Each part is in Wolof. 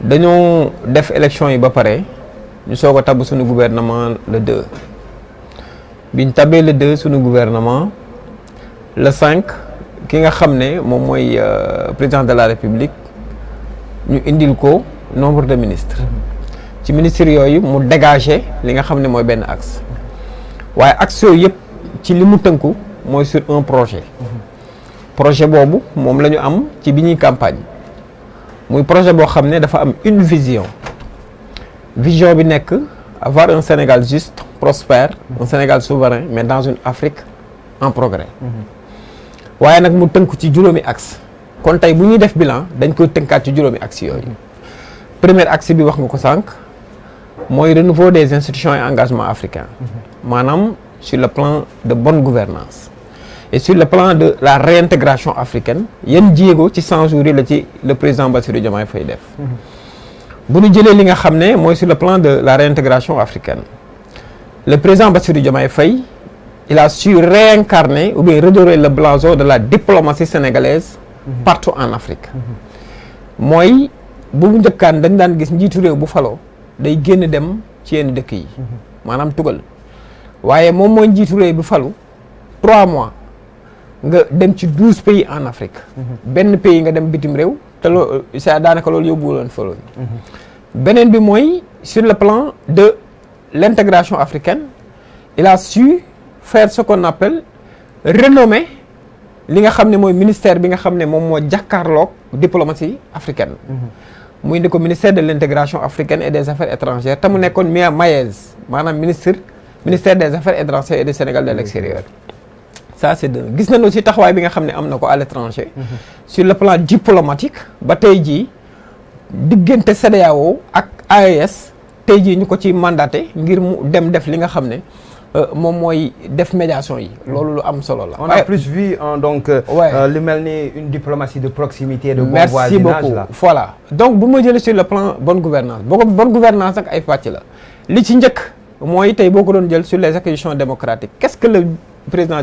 dañoo def élection yi ba pare ñu soog a tabb suñu gouvernement le 2 biñ tabee le 2 suñu gouvernement le 5 ki nga xam ne moom mooy euh, président de la république ñu indil ko nombre de ministres ci ministres yooyu mu dégager li nga xam ne mooy benn axe waaye axe yooyu yëpp ci li mu tënku mooy sur un projet mm-hmm. projet boobu moom la ñu am ci bi ñuy campagne. Mon projet qui a une vision vision est d'avoir avoir un Sénégal juste prospère un Sénégal souverain mais dans une Afrique en progrès Il mhm. y mu tënk ci axe bilan dañ y a axe mhm. premier axe bi wax nga renouveau des institutions et africains, mhm. africain suis sur le plan de bonne gouvernance et sur le plan de la réintégration africaine Yen Diego ci 100 jours yi ci le président Bassirou Diomaye Faye def mhm. bu ñu jëlee li nga xam ne sur le plan de la réintégration africaine le président Bassirou Diomaye Faye il a su réincarner ou bien redorer le blason de la diplomatie sénégalaise mhm. partout en Afrique mhm. mooy bu mu njëkkaan dañ daan gis njiitu réew bu faloo day génn dem ci yenn dëkk yi maanaam tugal waaye moom mooy njiitu réew bu falu 3 mois nga dem ci pays en Afrique. ben pays nga dem bitim rew te sa a bi moy sur le plan de l'intégration africaine il a su faire ce qu'on appelle renommer li nga xamné ministère bi nga diplomatie africaine. ministère de l'intégration africaine et des affaires étrangères tamou mu le ministre ministère des affaires étrangères et du Sénégal de l'extérieur ça c'est de gis nañu aussi taxawaay bi nga xamné ne am na à l'étranger sur le plan diplomatique ba tay ji diggante CDAO e e ak AES tay ji ñuko ci mandaté ngir mu dem def li nga xamné ne euh, moom mooy def médiation yi. lolu lu am solo la. on a plus vu en hein, donc. Euh, euh, lu melni une diplomatie de proximité. de bon voisinage là merci beaucoup voilà. donc bu ma jël sur le plan bonne gouvernance boo bonne gouvernance ak ay pàcc la li ci ñëk moy tay boko ko doon jël sur les acquisitions démocratiques qu'est-ce que le président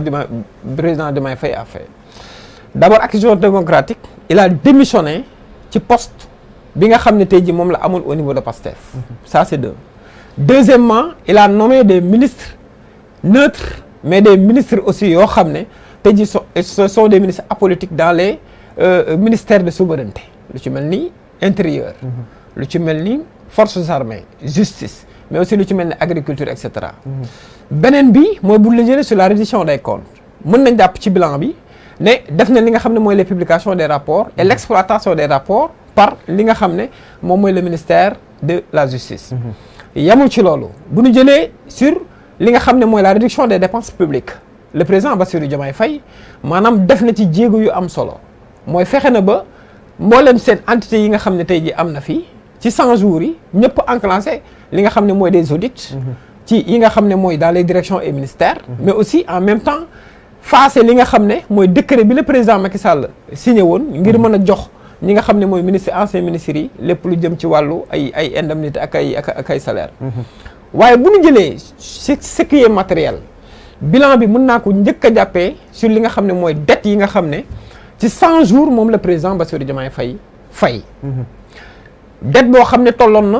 président de Faye a fait d'abord action démocratique il a démissionné du poste bi nga xamné ne au niveau de Pastef ça c'est deux deuxièmement il a nommé des ministres neutres mais des ministres aussi yo xamné ce sont des ministres apolitiques dans les euh, euh, ministères de souveraineté Le ci intérieur lu ci mm-hmm. forces armées justice mais aussi lu ci mel agriculture et cetera. Mhm. beneen bi mooy bu la jëlee sur la révision des comptes mën nañ jàpp ci bilan bi ne def na li nga xam ne mooy les publications des rapports et mhm. l' exploitation des rapports par li nga xam ne moom mooy le ministère de la justice. Mhm. yamul ci loolu bu ñu jëlee sur li nga xam ne mooy la réduction des dépenses publiques le président Bassirou Diomaye Faye maanaam def na ci jéego yu am solo mooy fexe na ba mboolem seen entité yi nga xam ne tey jii am na fi ci 100 jours yi ñëpp enclenché li nga xamné moy des audits. Mhm. ci yi nga xamné moy dans les directions et ministères. Mhm. mais aussi en même temps face li nga xamné moy décret bi le président Macky Sall signé won ngir mhm. mën a jox. ñi nga xamné moy mooy ministre ancien ministre lepp lu jëm ci walu ay ay indemnité ak ay ak ay salaire waaye bu ñu jëlee ce qui est matériel bilan bi mën naa ko njëkk a jàppee sur li nga xam ne mooy dette yi nga xam ne ci 100 jours moom le président Bassirou Diomaye Faye fay dette boo xam ne tolloon na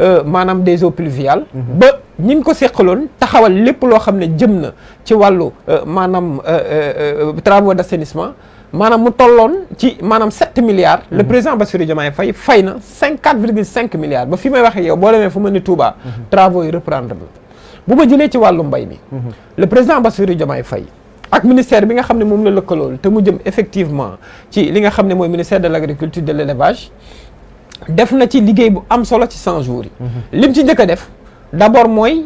Euh, manam des eaux pluviales. Mhm. ba ñi ko seqaloon taxawal lepp lo xamné ne jëm na ci walu euh, manam euh, travaux d'assainissement manam mu tolloon ci manam 7 milliards. le mhm. président Bassirou Diomaye Faye fay na 54,5 milliards ba fi may waxee yow bo demee fu mel Touba. Mhm. travaux yi reprendre na. bu ma jëlee ci walu mbay mi. le président Bassirou Diomaye Faye ak ministère bi nga xamné mom moom la lëkkalool té mu jëm effectivement ci li nga xamné moy ministère de l'agriculture de l'élevage def na ci liguey bu am solo ci 100 jours yi. lim ci njëkk def d'abord moy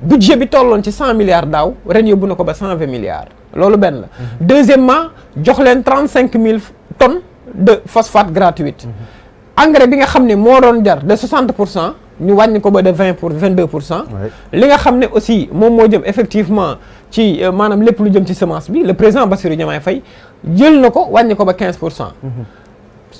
budget bi tollon ci 100 milliards daw ren yóbbu na ko ba 120 milliards. loolu benn la. Mhm. deuxièmement jox len 35 000 tonnes de phosphate gratuite. Mhm. engrais bi nga xamné ne doon jar de 60 Nous, on ñu wàññi ko ba de 20% pour 22%. deux li nga xamné aussi mom mo jëm effectivement ci euh, manam lepp lu jëm ci semence bi le président Bassirou est Faye jël nako ko ko ba 15%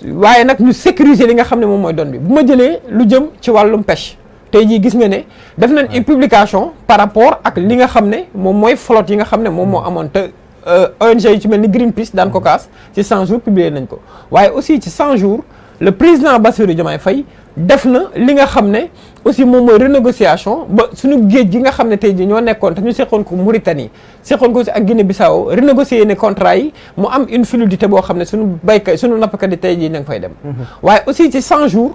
waaye nag ñu sécuriser li nga xam ne moom mooy doon bi bu ma jëlee lu jëm ci wàllum pêche tey jii gis nga ne def nañ une publication par rapport ak li nga xam ne moom mooy flotte yi nga xam ne moom moo mm. amoon te euh, ONG yu ci mel ni Greenpeace daan ko mm. kaas ci 100 jours publier nañ ko waaye aussi ci 100 jours le président Bassirou Diomaye Faye def na li nga xam ne aussi moom mooy renégociation ba suñu géej gi nga xam ne tey jii ñoo nekkoon te ñu seqoon ko Mauritanie seqoon ko si ak Guinée Bissau renégocier ne contrat yi mu am une fluidité boo xam ne suñu béykat suñu nappkat yi tey jii na nga fay dem mm-hmm. waaye aussi ci 100 jours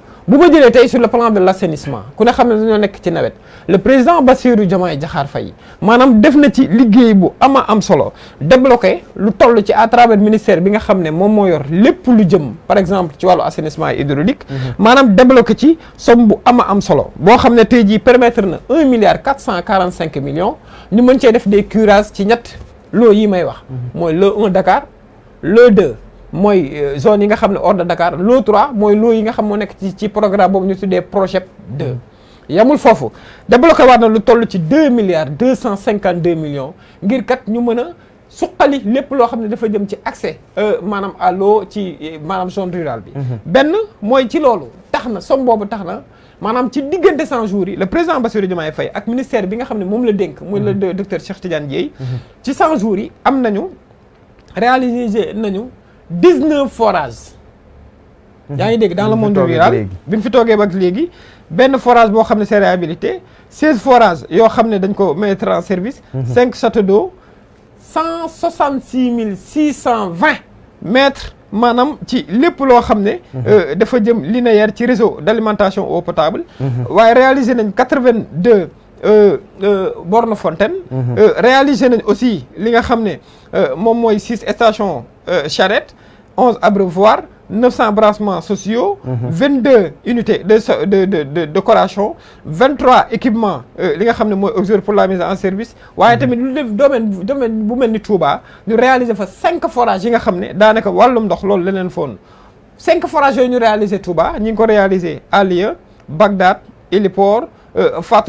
bu ko tay sur le plan de l'assainissement assainissement ku ne xam ne dañoo nekk ci nawet le président Bassirou Diomaye Diakhar Fay manam def na ci liggéey bu ama am solo débloquer lu toll ci à travers ministère bi nga xamne mom mo yor lepp lu jëm par exemple ci walu assainissement hydraulique mhm. manam débloquer ci somme bu ama am solo bo xamne tay ji permettre na 1 milliard 445 millions ñu mën ci def des curages ci ñett lo yi may wax moy mhm. le 1 Dakar le 2 mooy euh, zone yi nga xam ne hors de Dakar lot 3 mooy lot yi nga xam moo nekk ci ci programme boobu ñu tuddee projet 2 yamul foofu débloqué waat na lu toll ci 2 milliards 252 millions ngir kat ñu mën a suqali lépp loo xam ne dafa jëm ci accès euh, maanaam à l'eau ci maanaam zone rural bi mhm. benn mooy ci loolu tax na somme boobu tax na maanaam ci diggante 100 jours yi le président Bassirou Diomaye Faye ak ministère bi nga xam ne moom la dénk muy le mhm. docteur Cheikh Tidiane Dièye mhm. ci 100 jours yi am nañu réalisé nañu 19 forages. Mhm. dans le monde rural il y fi toogee forages qui forage 16 forages qui xam mettre en service. 5 mhm. châteaux d'eau 166 620 mètres Manam, ci lepp lo xamné mhm. euh, dafa jëm linéaire ci réseau d'alimentation eau potable. réalisé nañ 82 euh, euh borne mhm. euh, réalisé aussi li nga xamné 6 euh, stations charrettes, 11 abreuvoirs 900 brassements sociaux, 22 mhm. unités de, de, de, de, décoration, 23 équipements, pour la mise en service. Mm le domaine, nous réalisons 5 forages, nous 5 forages, nous réalisons tout bas, à Lille, Bagdad, Héliport, euh, Fat,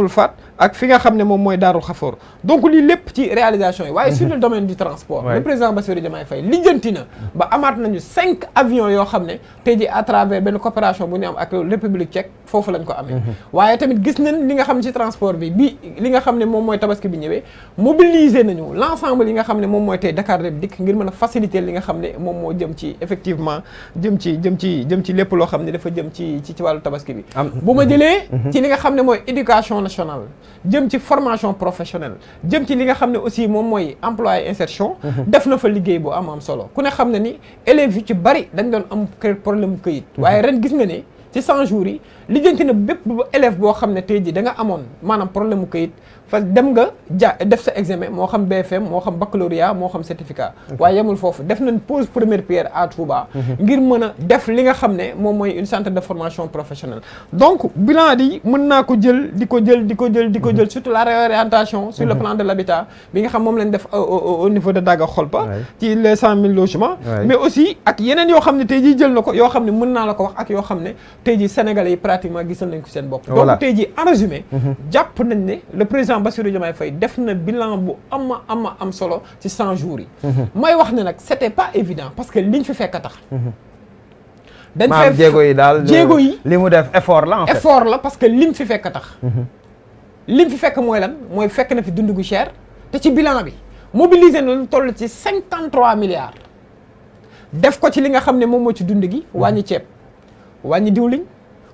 ak fi nga xam mom moy mooy khafor donc li lepp ci réalisation yi waaye sur le mhm. domaine du transport le président Bassirou Diomaye Faye lijjanti na ba amaat nañu cinq avions yo xam ne tey ji à travers benn coopération bu ñu am ak république tchèque fofu lañ ko amé mhm. waye tamit gis nañ li nga xam ci transport bi bi li nga xam mom moy tabaski bi ñëwee mobiliser nañu l'ensemble ensemble yi nga xam mom moy tay Dakar Dem dik ngir mëna faciliter li nga xam mom mo jëm ci effectivement jëm ci jëm ci jëm ci lepp lo xam dafa jëm ci ci walu tabaski bi buma ma mhm. ci li nga xam moy éducation nationale jëm ci formation professionnelle jëm ci li nga aussi moom emploi insertion. Mhm. def na fa liggéey bu am am solo ku ne xam ne ni élèves ci bari dañ doon am problème këyit. Mhm. waaye ren gis nga lijjanti na bépp élève boo xam ne tey ji danga amoon maanaam problème mu kayit fa dem nga ja def sa examen moo xam BFM moo xam baccalauréat moo xam certificat. waaye yemul foofu def na pose première pierre à Touba. Mhm. ngir mën a def li nga xam ne moom mooy une centre de formation professionnelle. donc bilan di mën naa ko jël di ko jël di ko jël di ko jël mhm. surtout la réorientation sur le mhm. plan de l'habitat bi nga xam moom lañ def au niveau de Daga Xolpa. ci les cent mille yoo xam ne tey jii jël na ko yoo xam ne mën naa la ko wax ak yoo xam ne tey jii sénégalais pratiquement gisal nañ ko seen bopp. donc tay ji en résumé. Mhm. japp nañ né le président Bassirou Diomaye fay def na bilan bu am am am solo ci 100 jours yi. Mhm. may wax né nak c'était pas évident parce que liñ fi fekk tax. ben mhm. fee jéego yi dal jéego yi. li mu def effort la en fait effort la parce que liñ fi fekk tax. liñ fi fekk moy lan moy fekk na fi dund cher te ci bilan bi mobilisé na lu toll ci 53 milliards. def ko ci li nga xam ne moom moo ci dund gi wàññi ceeb wàññi diwliñ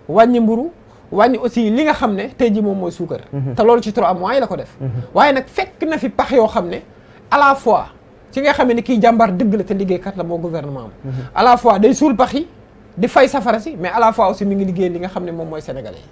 wàññi mburu wàññi aussi li nga xam ne tey ji moom mooy suukar mhm. te loolu ci trois mois yi la ko def mhm. waaye nag fekk na fi pax yoo xam ne à la fois ci nga xam ne kii jàmbar dëgg la te liggéeykat la moo gouvernement am mhm. à la fois day suul pax yi di fay safara si mais à la fois aussi mi ngi liggéey li nga xam ne moom mooy sénégalais